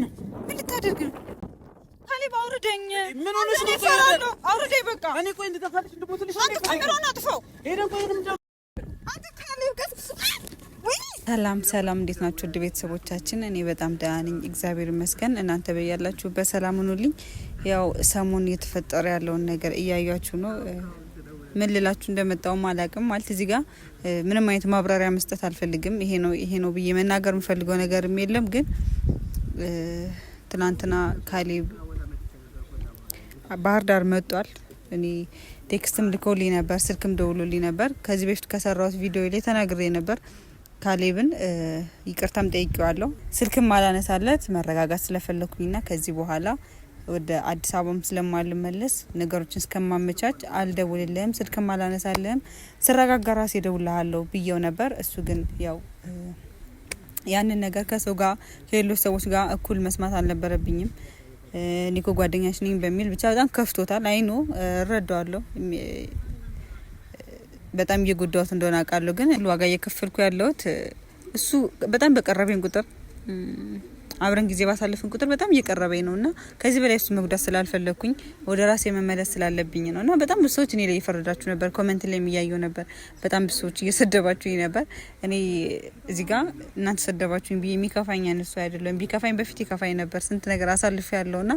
ምን ልታደርግ ነው? ካሌብ አውርደኝ። ምን ሆነሽ ነው? አውርደኝ በቃ። እኔ ቆይ እንድሞትልሽ። አንተ ካሜራውን አጥፋው። ሄደን ቆይ ሰላም ሰላም፣ እንዴት ናችሁ ውድ ቤተሰቦቻችን? እኔ በጣም ደህና ነኝ እግዚአብሔር ይመስገን። እናንተ በያላችሁ በሰላም ሁኑልኝ። ያው ሰሞን እየተፈጠረ ያለውን ነገር እያያችሁ ነው። ምን ልላችሁ እንደመጣውም አላቅም። ማለት እዚህ ጋር ምንም አይነት ማብራሪያ መስጠት አልፈልግም። ይሄ ነው ይሄ ነው ብዬ መናገር የምፈልገው ነገርም የለም ግን ትናንትና ካሌብ ባህር ዳር መጧል። እኔ ቴክስትም ልኮልኝ ነበር፣ ስልክም ደውሎልኝ ነበር። ከዚህ በፊት ከሰራሁት ቪዲዮ ላይ ተናግሬ ነበር። ካሌብን ይቅርታም ጠይቄዋለሁ። ስልክም አላነሳለት መረጋጋት ስለፈለኩኝና ከዚህ በኋላ ወደ አዲስ አበባም ስለማልመለስ ነገሮችን እስከማመቻች አልደውልልህም፣ ስልክም አላነሳልህም፣ ስረጋጋ ራሴ እደውልልሃለሁ ብዬው ነበር። እሱ ግን ያው ያንን ነገር ከሰው ጋር ከሌሎች ሰዎች ጋር እኩል መስማት አልነበረብኝም። ኒኮ ጓደኛሽ ነኝ በሚል ብቻ በጣም ከፍቶታል። አይኖ እረዳዋለሁ። በጣም እየጎዳሁት እንደሆነ አውቃለሁ። ግን ዋጋ እየከፈልኩ ያለሁት እሱ በጣም በቀረበኝ ቁጥር አብረን ጊዜ ባሳለፍን ቁጥር በጣም እየቀረበኝ ነው እና ከዚህ በላይ እሱ መጉዳት ስላልፈለግኩኝ ወደ ራሴ መመለስ ስላለብኝ ነው እና በጣም ብዙ ሰዎች እኔ ላይ እየፈረዳችሁ ነበር፣ ኮመንት ላይ የሚያየው ነበር። በጣም ብዙ ሰዎች እየሰደባችሁኝ ነበር። እኔ እዚህ ጋር እናንተ ሰደባችሁኝ ብዬ የሚከፋኝ አይነት አይደለም። ቢከፋኝ በፊት ይከፋኝ ነበር። ስንት ነገር አሳልፍ ያለው እና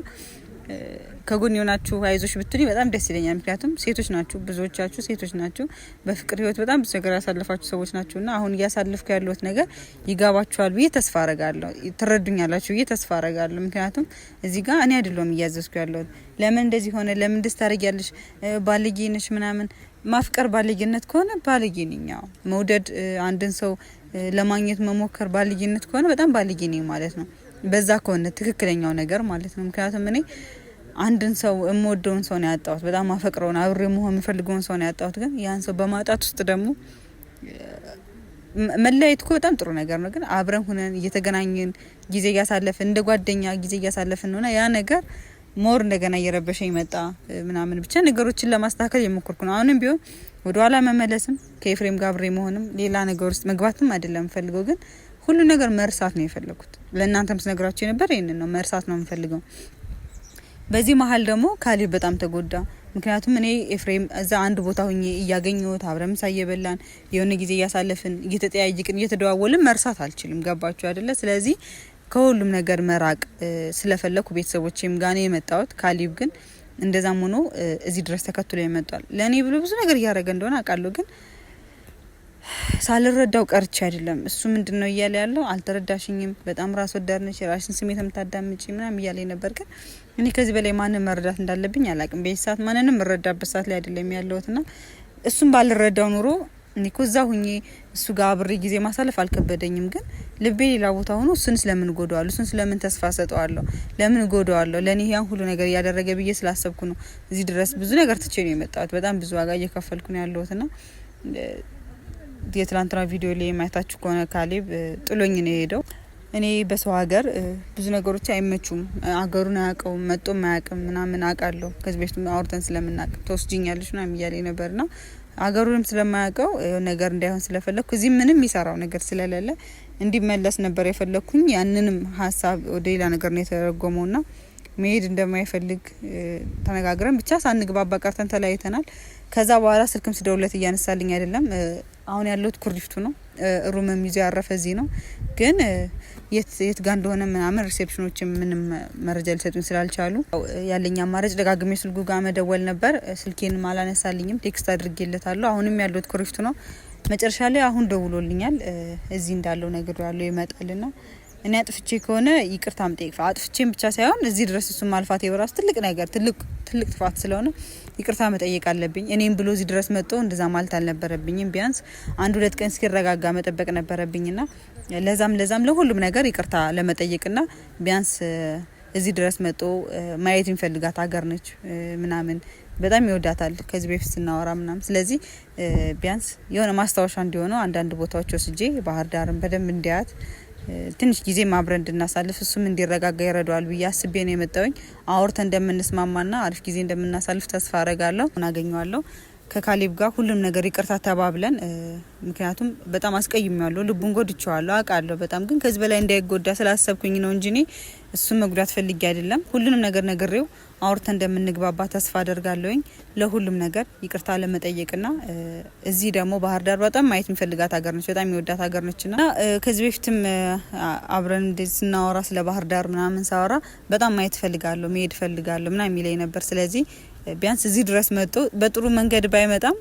ከጎን የሆናችሁ አይዞች ብትሉ በጣም ደስ ይለኛል። ምክንያቱም ሴቶች ናችሁ፣ ብዙዎቻችሁ ሴቶች ናችሁ። በፍቅር ህይወት በጣም ብዙ ነገር ያሳለፋችሁ ሰዎች ናችሁ እና አሁን እያሳለፍኩ ያለሁት ነገር ይጋባችኋል ብዬ ተስፋ አረጋለሁ። ትረዱኛላችሁ ብዬ ተስፋ አረጋለሁ። ምክንያቱም እዚህ ጋር እኔ አይደለሁም እያዘዝኩ ያለሁት። ለምን እንደዚህ ሆነ፣ ለምን ደስ ታደርጊያለሽ፣ ባለጌ ነሽ ምናምን። ማፍቀር ባለጌነት ከሆነ ባለጌ ነኝ። መውደድ አንድን ሰው ለማግኘት መሞከር ባለጌነት ከሆነ በጣም ባለጌ ነኝ ማለት ነው። በዛ ከሆነ ትክክለኛው ነገር ማለት ነው። ምክንያቱም እኔ አንድን ሰው የምወደውን ሰው ነው ያጣሁት፣ በጣም አፈቅረውን አብሬ መሆን የምፈልገውን ሰው ነው ያጣሁት። ግን ያን ሰው በማጣት ውስጥ ደግሞ መለያየት እኮ በጣም ጥሩ ነገር ነው። ግን አብረን ሁነን እየተገናኘን ጊዜ እያሳለፍን እንደ ጓደኛ ጊዜ እያሳለፍን ነውና ያ ነገር ሞር እንደገና እየረበሸኝ መጣ ምናምን። ብቻ ነገሮችን ለማስተካከል የሞከርኩ ነው። አሁንም ቢሆን ወደኋላ መመለስም ከኤፍሬም ጋር አብሬ መሆንም ሌላ ነገር ውስጥ መግባትም አይደለም ፈልገው ግን ሁሉ ነገር መርሳት ነው የፈለጉት። ለእናንተም ስነግራችሁ የነበር ይህንን ነው፣ መርሳት ነው የምፈልገው። በዚህ መሀል ደግሞ ካሌብ በጣም ተጎዳ። ምክንያቱም እኔ ኤፍሬም እዛ አንድ ቦታ ሁኜ እያገኘሁት አብረን ምሳ እየበላን የሆነ ጊዜ እያሳለፍን እየተጠያየቅን እየተደዋወልን መርሳት አልችልም። ገባችሁ አይደለ? ስለዚህ ከሁሉም ነገር መራቅ ስለፈለኩ ቤተሰቦቼም ጋር ነው የመጣሁት። ግን እንደዛም ሆኖ እዚህ ድረስ ተከትሎ ይመጧል። ለእኔ ብሎ ብዙ ነገር እያደረገ እንደሆነ አውቃለሁ ግን ሳልረዳው ቀርቼ አይደለም። እሱ ምንድን ነው እያለ ያለው አልተረዳሽኝም፣ በጣም ራስ ወዳድ ነሽ፣ የራሽን ስሜት የምታዳምጪ ምናም እያለ ነበር። ግን እኔ ከዚህ በላይ ማንም መረዳት እንዳለብኝ አላቅም። በዚህ ሰዓት ማንንም እረዳበት ሰዓት ላይ አይደለም ያለሁት ና እሱም ባልረዳው ኑሮ እኔ እዛ ሁኜ እሱ ጋር አብሬ ጊዜ ማሳለፍ አልከበደኝም። ግን ልቤ ሌላ ቦታ ሆኖ እሱን ስለምን ጎደዋለሁ? እሱን ስለምን ተስፋ ሰጠዋለሁ? ለምን ጎደዋለሁ? ለእኔ ያን ሁሉ ነገር እያደረገ ብዬ ስላሰብኩ ነው እዚህ ድረስ ብዙ ነገር ትቼ ነው የመጣሁት። በጣም ብዙ ዋጋ እየከፈልኩ ነው ና የትላንትና ቪዲዮ ላይ የማየታችሁ ከሆነ ካሌብ ጥሎኝ ነው የሄደው። እኔ በሰው ሀገር ብዙ ነገሮች አይመቹም። አገሩን አያውቀውም፣ መጦ አያውቅም ምናምን አውቃለሁ። ከዚህ በፊት አውርተን ስለምናውቅ ተወስጅኛለች ና ነበር ነበርና አገሩንም ስለማያውቀው ነገር እንዳይሆን ስለፈለግኩ እዚህ ምንም የሚሰራው ነገር ስለሌለ እንዲመለስ ነበር የፈለግኩኝ። ያንንም ሀሳብ ወደ ሌላ ነገር ነው የተረጎመው ና መሄድ እንደማይፈልግ ተነጋግረን ብቻ ሳንግባባ ቀርተን ተለያይተናል። ከዛ በኋላ ስልክም ስደውለት እያነሳልኝ አይደለም አሁን ያለሁት ኩሪፍቱ ነው። ሩምም ይዞ ያረፈ እዚህ ነው። ግን የት ጋ እንደሆነ ምናምን ሪሴፕሽኖች ምንም መረጃ ሊሰጡኝ ስላልቻሉ ያለኝ አማራጭ ደጋግሜ ስልኩ ጋር መደወል ነበር። ስልኬንም አላነሳልኝም። ቴክስት አድርጌለታለሁ። አሁንም ያለሁት ኩሪፍቱ ነው። መጨረሻ ላይ አሁን ደውሎልኛል። እዚህ እንዳለው ነገር ያለው ይመጣልና እኔ አጥፍቼ ከሆነ ይቅርታ ምጠይቅ አጥፍቼም ብቻ ሳይሆን እዚህ ድረስ እሱ ማልፋት የበራሱ ትልቅ ነገር ትልቅ ጥፋት ስለሆነ ይቅርታ መጠየቅ አለብኝ። እኔም ብሎ እዚህ ድረስ መጥቶ እንደዛ ማለት አልነበረብኝም። ቢያንስ አንድ ሁለት ቀን እስኪረጋጋ መጠበቅ ነበረብኝና ለዛም ለዛም ለሁሉም ነገር ይቅርታ ለመጠየቅና ቢያንስ እዚህ ድረስ መጦ ማየት የሚፈልጋት ሀገር ነች ምናምን በጣም ይወዳታል ከዚህ በፊት ስናወራ ምናምን። ስለዚህ ቢያንስ የሆነ ማስታወሻ እንዲሆነው አንዳንድ ቦታዎች ወስጄ ባህር ዳርን በደንብ እንዲያት ትንሽ ጊዜ አብረን እንድናሳልፍ እሱም እንዲረጋጋ ይረዳዋል ብዬ አስቤ ነው የመጣውኝ። አውርተን እንደምንስማማና አሪፍ ጊዜ እንደምናሳልፍ ተስፋ አረጋለሁ። እናገኘዋለሁ ከካሌብ ጋር ሁሉም ነገር ይቅርታ ተባብለን፣ ምክንያቱም በጣም አስቀይሜዋለሁ፣ ልቡን ጎድቼዋለሁ፣ አውቃለሁ በጣም ግን ከዚህ በላይ እንዳይጎዳ ስላሰብኩኝ ነው እንጂ እኔ እሱን መጉዳት ፈልጌ አይደለም። ሁሉንም ነገር ነግሬው አውርተ እንደምንግባባ ተስፋ አደርጋለሁኝ። ለሁሉም ነገር ይቅርታ ለመጠየቅና እዚህ ደግሞ ባህር ዳር በጣም ማየት የሚፈልጋት ሀገር ነች። በጣም የወዳት ሀገር ና ከዚህ በፊትም አብረን ስናወራ ስለ ባህር ዳር ምናምን ሳወራ በጣም ማየት ፈልጋለሁ፣ መሄድ ፈልጋለሁ ምና የሚለኝ ነበር። ስለዚህ ቢያንስ እዚህ ድረስ መጡ። በጥሩ መንገድ ባይመጣም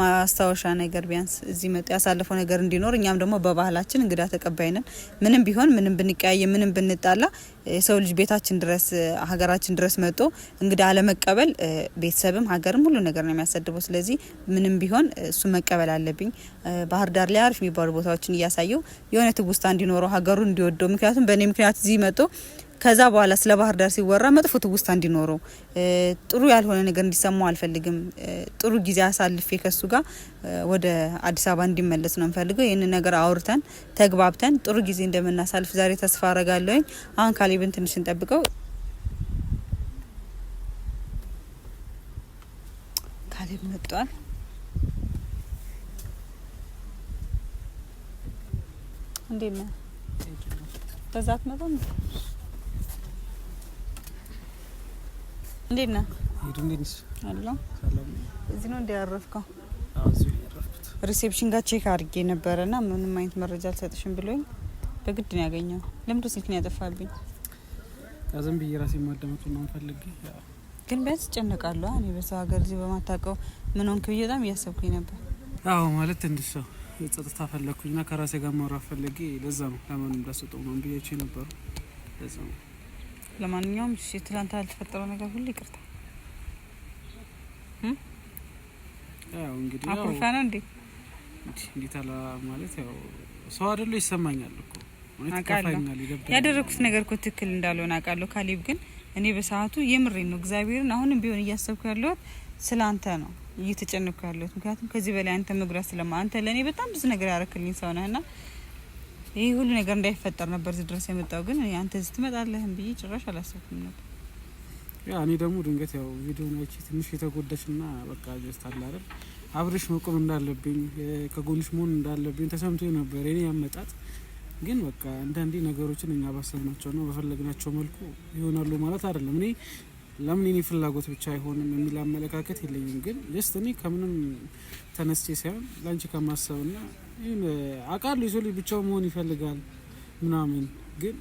ማስታወሻ ነገር ቢያንስ እዚህ መጡ ያሳለፈው ነገር እንዲኖር እኛም ደግሞ በባህላችን እንግዳ ተቀባይ ነን። ምንም ቢሆን ምንም ብንቀያየ ምንም ብንጣላ የሰው ልጅ ቤታችን ድረስ ሀገራችን ድረስ መጦ እንግዳ አለመቀበል ቤተሰብም ሀገርም ሁሉ ነገር ነው የሚያሳድበው። ስለዚህ ምንም ቢሆን እሱ መቀበል አለብኝ። ባህር ዳር ላይ አሪፍ የሚባሉ ቦታዎችን እያሳየው የሆነ ትውስታ እንዲኖረው ሀገሩ እንዲወደው ምክንያቱም በእኔ ምክንያት እዚህ መጥቶ ከዛ በኋላ ስለ ባህር ዳር ሲወራ መጥፎ ትውስታ እንዲኖረው ጥሩ ያልሆነ ነገር እንዲሰማው አልፈልግም። ጥሩ ጊዜ አሳልፌ ከሱ ጋር ወደ አዲስ አበባ እንዲመለስ ነው የምፈልገው። ይህንን ነገር አውርተን ተግባብተን ጥሩ ጊዜ እንደምናሳልፍ ዛሬ ተስፋ አረጋለሁኝ። አሁን ካሌብን ትንሽ እንጠብቀው። ካሌብ መጥቷል። እንዴት ነህ? በዛት መጣ እንዴት ነህ? እዚህ ነው እንዲያረፍከው? ሪሴፕሽን ጋር ቼክ አድርጌ ነበረ እና ምንም አይነት መረጃ አልሰጥሽም ብሎኝ በግድ ነው ያገኘው። ለምዶ ስልክን ያጠፋብኝ ዝም ብዬ ራሴ ማዳመጡ ነው ፈልግ። ግን ቢያንስ ጨነቃለሁ። እኔ በሰው ሀገር እዚህ በማታውቀው ምን ሆንክ ብዬ በጣም እያሰብኩኝ ነበር። አዎ ማለት ትንሽ ሰው ጸጥታ ፈለግኩኝ ና ከራሴ ጋር ማውራት ፈለጌ። ለዛ ነው ለማንም እንዳሰጠው ነው ብያቸው ነበሩ። ለዛ ነው ለማንኛውም ትላንት ያልተፈጠረው ነገር ሁሉ ይቅርታ። አኩርፋ ነው እንዴ? እንዴት ማለት ያው ሰው አይደለሁ ይሰማኛል እኮ ነገር እኮ ትክክል እንዳልሆነ አውቃለሁ። ካሌብ ግን እኔ በሰዓቱ የምሬ ነው እግዚአብሔርን አሁንም ቢሆን እያሰብኩ ያለሁት ስለ አንተ ነው እየተጨነኩ ያለሁት። ምክንያቱም ከዚህ በላይ አንተ መጉዳት ስለማ አንተ ለእኔ በጣም ብዙ ነገር ያረክልኝ ሰው ነህና ይህ ሁሉ ነገር እንዳይፈጠር ነበር እዚህ ድረስ የመጣው። ግን አንተ እዚህ ትመጣለህ ብዬ ጭራሽ አላሰብኩም ነበር። ያ እኔ ደግሞ ድንገት ያው ቪዲዮ ናይቼ ትንሽ የተጎዳሽ ና በቃ ጀስት አለ አይደል አብረሽ መቆም እንዳለብኝ ከጎንሽ መሆን እንዳለብኝ ተሰምቶ ነበር የኔ ያመጣጥ ግን በቃ አንዳንዴ ነገሮችን እኛ ባሰብናቸው ና በፈለግናቸው መልኩ ይሆናሉ ማለት አይደለም። እኔ ለምን የኔ ፍላጎት ብቻ አይሆንም የሚል አመለካከት የለኝም። ግን ጀስት እኔ ከምንም ተነስቼ ሳይሆን ለአንቺ ከማሰብ ና አቃሉ የሰው ልጅ ብቻው መሆን ይፈልጋል ምናምን፣ ግን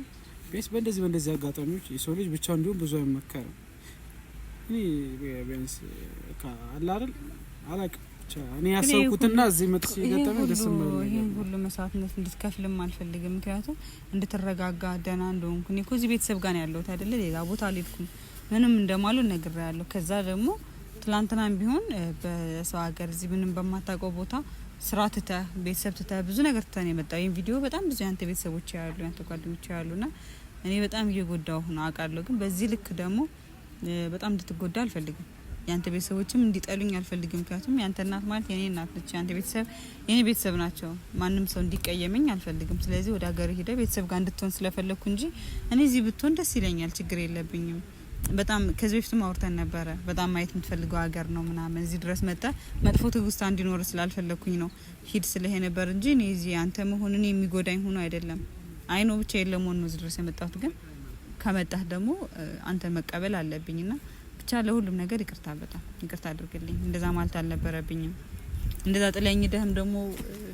ቢያንስ በእንደዚህ በእንደዚህ አጋጣሚዎች የሰው ልጅ ብቻው እንዲሁም ብዙ አይመከርም። እኔ ቢያንስ አላርል አላቅ ብቻ እኔ ያሰብኩትና እዚህ መጥቼ የገጠመኝ ደስ ይህን ሁሉ መስዋዕትነት እንድትከፍልም አልፈልግም። ምክንያቱም እንድትረጋጋ ደህና እንደሆንኩ እኔ እኮ እዚህ ቤተሰብ ጋር ነው ያለሁት አይደለ ሌላ ቦታ አልሄድኩም። ምንም እንደማሉ ነግሬያለሁ። ከዛ ደግሞ ትላንትናም ቢሆን በሰው ሀገር እዚህ ምንም በማታውቀው ቦታ ስራ ትተ ቤተሰብ ትተ ብዙ ነገር ትተን የመጣው። ይህም ቪዲዮ በጣም ብዙ ያንተ ቤተሰቦች ያሉ ያንተ ጓደኞች ያሉ ና እኔ በጣም እየጎዳው ነው አውቃለሁ። ግን በዚህ ልክ ደግሞ በጣም እንድትጎዳ አልፈልግም። ያንተ ቤተሰቦችም እንዲጠሉኝ አልፈልግም። ምክንያቱም ያንተ እናት ማለት የኔ እናት ነች። ያንተ ቤተሰብ የኔ ቤተሰብ ናቸው። ማንም ሰው እንዲቀየመኝ አልፈልግም። ስለዚህ ወደ ሀገር ሄደ ቤተሰብ ጋር እንድትሆን ስለፈለግኩ እንጂ እኔ እዚህ ብትሆን ደስ ይለኛል። ችግር የለብኝም። በጣም ከዚህ በፊትም አውርተን ነበረ። በጣም ማየት የምትፈልገው ሀገር ነው ምናምን እዚህ ድረስ መጣ። መጥፎ ትውስታ እንዲኖር ስላልፈለግኩኝ ነው ሂድ ስለሄ ነበር እንጂ እኔ እዚህ አንተ መሆንን የሚጎዳኝ ሆኖ አይደለም። አይ ነው ብቻ የለመሆን ነው እዚህ ድረስ የመጣሁት። ግን ከመጣህ ደግሞ አንተ መቀበል አለብኝ ና ብቻ ለሁሉም ነገር ይቅርታ፣ በጣም ይቅርታ አድርግልኝ። እንደዛ ማለት አልነበረብኝም። እንደዛ ጥለኝ ደህም ደግሞ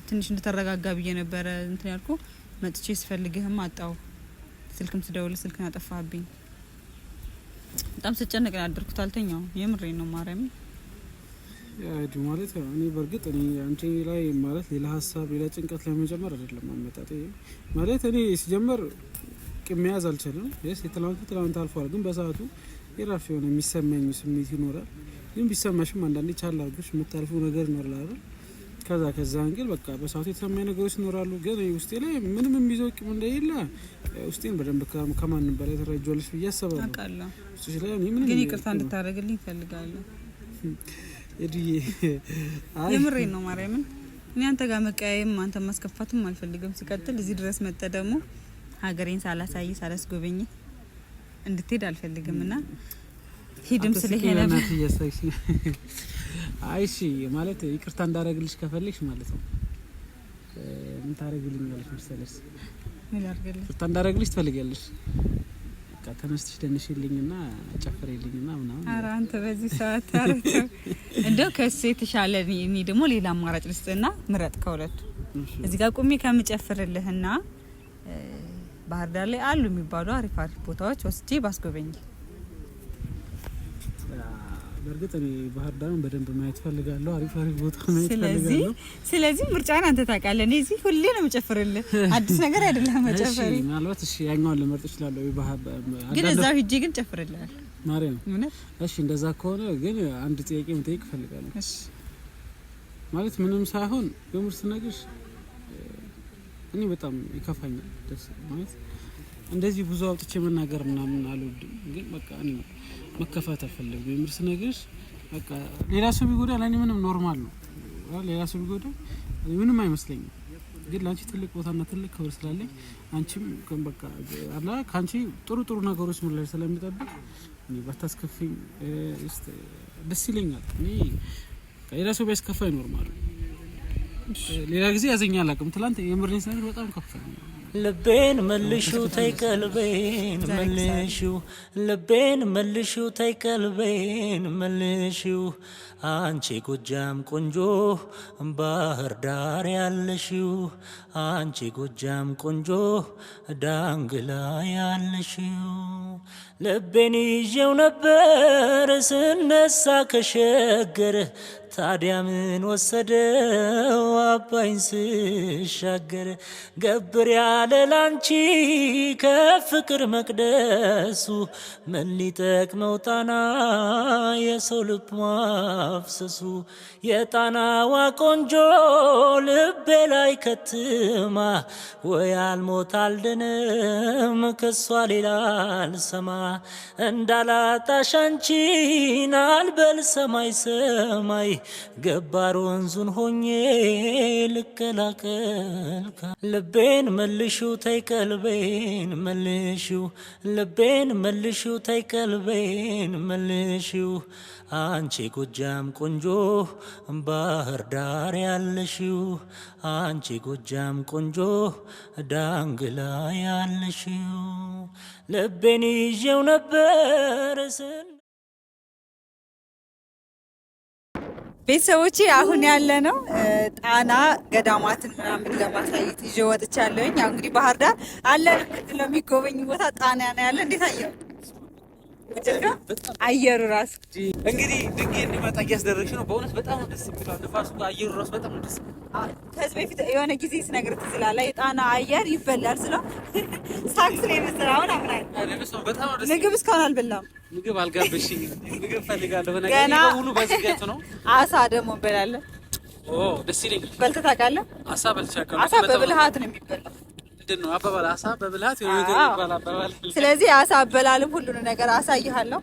ትንሽ እንደተረጋጋ ብዬ ነበረ እንትን ያልኩ መጥቼ ስፈልግህም አጣው። ስልክም ስደውል ስልክን አጠፋብኝ። በጣም ስጨነቅ ያደርኩት። አልተኛው የምሬ ነው ማርያም። ያዱ ማለት እኔ በእርግጥ እኔ አንቺ ላይ ማለት ሌላ ሀሳብ ሌላ ጭንቀት ለመጀመር አይደለም አመጣጤ ማለት እኔ ሲጀመር መያዝ አልችልም። ስ የትላንቱ ትላንት አልፏል፣ ግን በሰዓቱ የራፍ የሆነ የሚሰማኝ ስሜት ይኖራል። ግን ቢሰማሽም አንዳንዴ ቻላ አድርገሽ የምታልፊው ነገር ይኖራል አይደል ከዛ ከዛ እንግል በቃ በሰዓቱ የተሰማኝ ነገሮች ይኖራሉ። ግን ውስጤ ላይ ምንም የሚይዘው ቂም እንደሌለ ውስጤን በደንብ ከማንም በላይ ተረጃለች ብዬ ምንም ግን ይቅርታ እንድታደርግልኝ እፈልጋለሁ። እድዬ የምሬ ነው ማርያምን። እኔ አንተ ጋር መቀያየም አንተ ማስከፋትም አልፈልግም። ሲቀጥል እዚህ ድረስ መጠ ደግሞ ሀገሬን ሳላሳይ ሳላስጎበኝ እንድትሄድ አልፈልግም እና ሂድም ስለሄነ አይሺ ማለት ይቅርታ እንዳረግልሽ ከፈለግሽ ማለት ነው። ምን ታረግልኛለሽ መሰለሽ? ምን አርግልሽ? ይቅርታ እንዳረግልሽ ትፈልጊያለሽ? በቃ ተነስተሽ ደንሽልኝና ጨፍሬልኝና ምናምን። ኧረ አንተ በዚህ ሰዓት አረተ እንደው ከሱ የተሻለ እኔ ደግሞ ሌላ አማራጭ ልስጥና ምረጥ ከሁለቱ እዚህ ጋር ቁሜ ከምጨፍርልህና ባህር ዳር ላይ አሉ የሚባሉ አሪፍ አሪፍ ቦታዎች ወስጄ ባስጎበኝ በእርግጥ እኔ ባህር ዳርን በደንብ ማየት ፈልጋለሁ። አሪፍ አሪፍ ቦታ ማየት ፈልጋለሁ። ስለዚህ ምርጫን አንተ ታውቃለህ። እኔ እዚህ ሁሌ ነው የምጨፍርልህ፣ አዲስ ነገር አይደለም መጨፈር። ምናልባት እሺ፣ ያኛውን ልመርጥ እችላለሁ። ግን እዛው ሂጄ ግን ጨፍርልሃል ማርያም። እሺ፣ እንደዛ ከሆነ ግን አንድ ጥያቄ መጠየቅ እፈልጋለሁ። ማለት ምንም ሳይሆን የምር ስነግርሽ እኔ በጣም ይከፋኛል። ደስ ማለት እንደዚህ ብዙ አውጥቼ መናገር ምናምን አልወድም፣ ግን በቃ እኔ መከፋት አልፈለግም። የምርስ ነገር በቃ ሌላ ሰው ቢጎዳ ለእኔ ምንም ኖርማል ነው። ሌላ ሰው ቢጎዳ ምንም አይመስለኝም። ግን ለአንቺ ትልቅ ቦታና ትልቅ ክብር ስላለኝ አንቺም በቃ አላ ከአንቺ ጥሩ ጥሩ ነገሮች ምን ላይ ስለሚጠብቅ እኔ ባታስከፊኝ ደስ ይለኛል። እኔ ሌላ ሰው ቢያስከፋ ይኖርማል። ሌላ ጊዜ ያዘኛል አቅም ትላንት የምርኔ ስነግር በጣም ከፋ ልቤን መልሹ ተይ ቀልቤን መልሹ ልቤን መልሹ ተይ ቀልቤን መልሹ አንቺ ጎጃም ቆንጆ ባህር ዳር ያለሽው አንቺ ጎጃም ቆንጆ ዳንግላ ያለሽው ልቤን ይዤው ነበር ስነሳ ከሸገር ታዲያ ምን ወሰደው አባይን ስሻገር ገብር ያለ ላንቺ ከፍቅር መቅደሱ ምን ሊጠቅመው ጣና የሰው ልብ ማፍሰሱ የጣናዋ ቆንጆ ልቤ ላይ ከትማ ወይ አልሞት አልደንም ከሷ ሌላ አልሰማ እንዳላጣሽ አንቺን አልበል ሰማይ ሰማይ ገባር ወንዙን ሆኜ ልቀላቀልካ ልቤን መልሹ ተይ ቀልቤን መልሹ ልቤን መልሹ ተይ ቀልቤን መልሹ አንቺ ጎጃም ቆንጆ ባህር ዳር ያለሽው አንቺ ጎጃም ቆንጆ ዳንግላ ያለሽው ልቤን ይዤው ነበር ቤተሰቦቼ አሁን ያለ ነው ጣና ገዳማትን ምናምን ለማሳየት ይዤ ወጥቻለሁኝ። አሁን እንግዲህ ባህር ዳር አለ ለሚጎበኝ ቦታ ጣና ነው ያለ። እንዴት አየው? አየሩ ራሱ እንግዲህ ድጌ እንዲመጣ እያስደረግሽ ነው። በእውነት በጣም ደስ የሚለው ንፋሱ፣ አየሩ ራሱ በጣም ደስ ከዚህ በፊት የሆነ ጊዜ ስነግር ትዝ የጣና አየር ይበላል ስለው ሳክስ ላይ መስራ አሁን አምራል ምግብ እስካሁን አልበላም። ምግብ አልጋበሽኝ። ምግብ ፈልጋለሁ ገና ሁሉ በዝገቱ ነው። አሳ ደግሞ እንበላለን። ደስ ይለኛል። በልተህ ታውቃለህ? አሳ በልቻ አሳ በብልሃት ነው የሚበላው ምንድን ነው አባባል አሳ በብላት የሆነ ነገር ይባል አባባል። ስለዚህ አሳ አበላልም ሁሉን ነገር አሳይሃለሁ።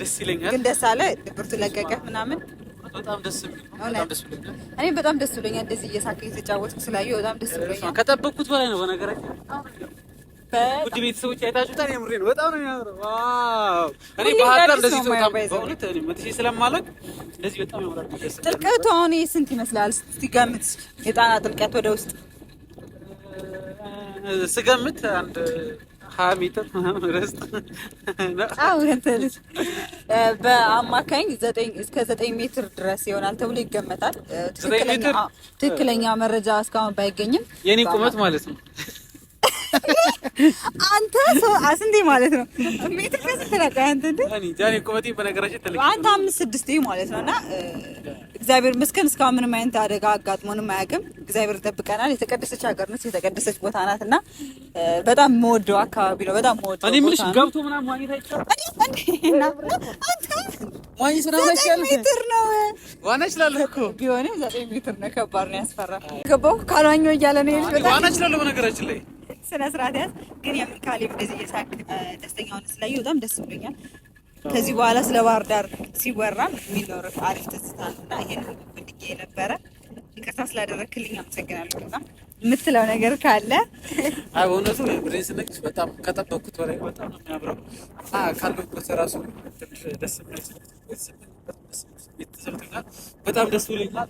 ደስ ይለኛል። ግን ደስ አለ ድብርቱ ለቀቀ ምናምን በጣም ደስ ብሎኛል። እኔ በጣም ደስ ብሎኛል። እንደዚህ እየሳቀ የተጫወትኩ ስላየሁ በጣም ደስ ብሎኛል። ከጠበቅኩት በላይ ነው። በነገራችን ውድ ቤተሰቦች አይታችሁታል። የምሬ ነው። በጣም ነው የሚያምረው። ዋው! እኔ ባህር ዳር እንደዚህ በጣም በእውነት እኔ መጥቼ ስለማላውቅ እንደዚህ በጣም ያምራል። ጥልቀቱ አሁን ስንት ይመስላል? እስቲ የጣና ጥልቀት ወደ ውስጥ ስገምት አንድ ሀያ ሜትር ምናምን ርዝት በአማካኝ እስከ ዘጠኝ ሜትር ድረስ ይሆናል ተብሎ ይገመታል። ትክክለኛ መረጃ እስካሁን ባይገኝም የኔ ቁመት ማለት ነው። አንተ ስንቴ ማለት ነው? ሜትር ከስንት ነው? አንተ አንተ አምስት ስድስት ማለት ነው። እና እግዚአብሔር ይመስገን እስካሁን ምንም አይነት አደጋ አጋጥሞንም አያውቅም። እግዚአብሔር ይጠብቀናል። የተቀደሰች ሀገር ነች፣ የተቀደሰች ቦታ ናት እና በጣም መወደው አካባቢ ነው። በጣም መወደው እኔ የምልሽ ገብቶ ምናምን ማግኘት አይቻልም። ስነ ስርዓት ያዝ። ግን የምር ካሌብ እንደዚህ እየሳቅ ደስተኛ ሆነ ስላየሁ በጣም ደስ ብሎኛል። ከዚህ በኋላ ስለ ባህር ዳር ሲወራ የሚኖር አሪፍ ትዝታ እና ይሄን ብድጌ ነበረ። ይቅርታ ስላደረክልኝ አመሰግናለሁ። እና የምትለው ነገር ካለ አይ በእውነቱ ብሬን ስነግርሽ በጣም ከጠበቅኩት በላይ በጣም ነው የሚያምረው። ካለበት ራሱ ትንሽ ደስ ቤት ተሰርቶኛል። በጣም ደስ ብሎኛል።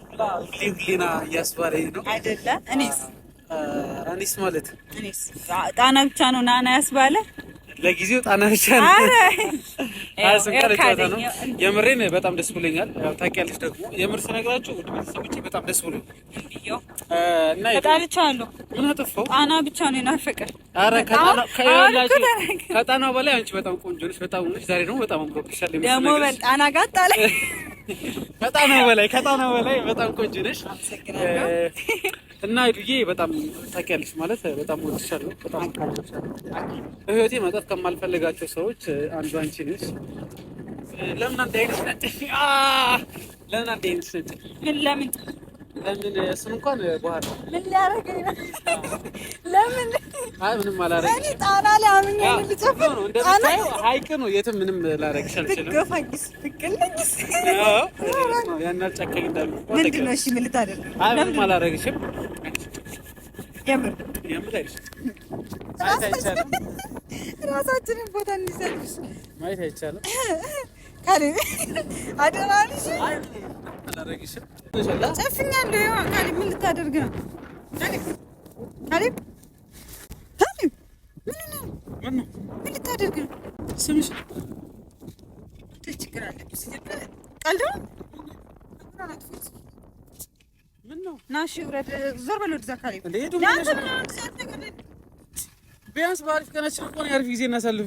ሁሌ ሁሌና እያስባለኝ ነው አይደለ እኔስ እኔስ ማለት እኔስ ጣና ብቻ ነው ናና ያስባለ ለጊዜው ጣና ብቻ ነው። የምሬን በጣም ደስ ብሎኛል። ታውቂያለሽ ደግሞ የምር ስነግራችሁ ውድ ቤተሰቦቼ በጣም ደስ ብሎኝ እና ተጣልቻለሁ። ምን አጠፋሁ? ጣና ብቻ ነው የናፈቀን። ከጣና ከጣናው በላይ አንቺ በጣም ቆንጆ ነሽ፣ በጣም ነሽ። ዛሬ ደግሞ በጣም አምሮብሻል። ደግሞ ጣና ጋር ጣላ በጣም ነው በላይ ከጣም ነው በላይ በጣም ቆንጆ ነሽ እና ዱዬ በጣም ታውቂያለሽ ማለት በጣም ወድሻለሁ። በጣም በህይወቴ መጣት ከማልፈልጋቸው ሰዎች አንዱ አንቺ ነሽ። ለምን አንዴ አይነት ነጭ ለምን አንዴ አይነት ነጭ ለምን ለምን እሱን እንኳን በኋላ ምን ሊያደርገኝ ነው? ለምን አይ ምንም አላደርግም። እኔ ጣና ላይ አሁን ልጨፍር ሀይቅ ነው። የትም ምንም ላደርግሽ አልችልም። ያን አልጨካኝ እንዳሉ ምንድን ነው? እሺ ምን ልታደርግ? አይ ምንም አላደርግሽም። የምር የምር አይደል? ራሳችንን ቦታ እንዲሰጥሽ ማየት አይቻልም። አደራ ቢያንስ በአሪፍ ቀናችን እኮ ነው የአሪፍ ጊዜ እናሳልፍ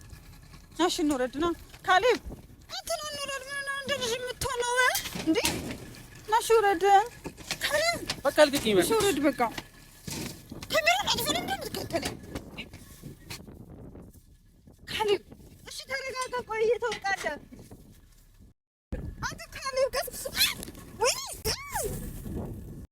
እሺ እንውረድ ና ካሌብ እንትን እንውረድ። ምን ነው የምትሆነው እንዴ? ና ውረድ ካሌብ በቃ ልግጭኝ። በቃ እሺ ውረድ በቃ ካሜራ አጥፈን እንደ ካሌብ። እሺ ተረጋጋ፣ ቆይ እየተውቃለህ አንተ ካሌብ። ቀስ ወይ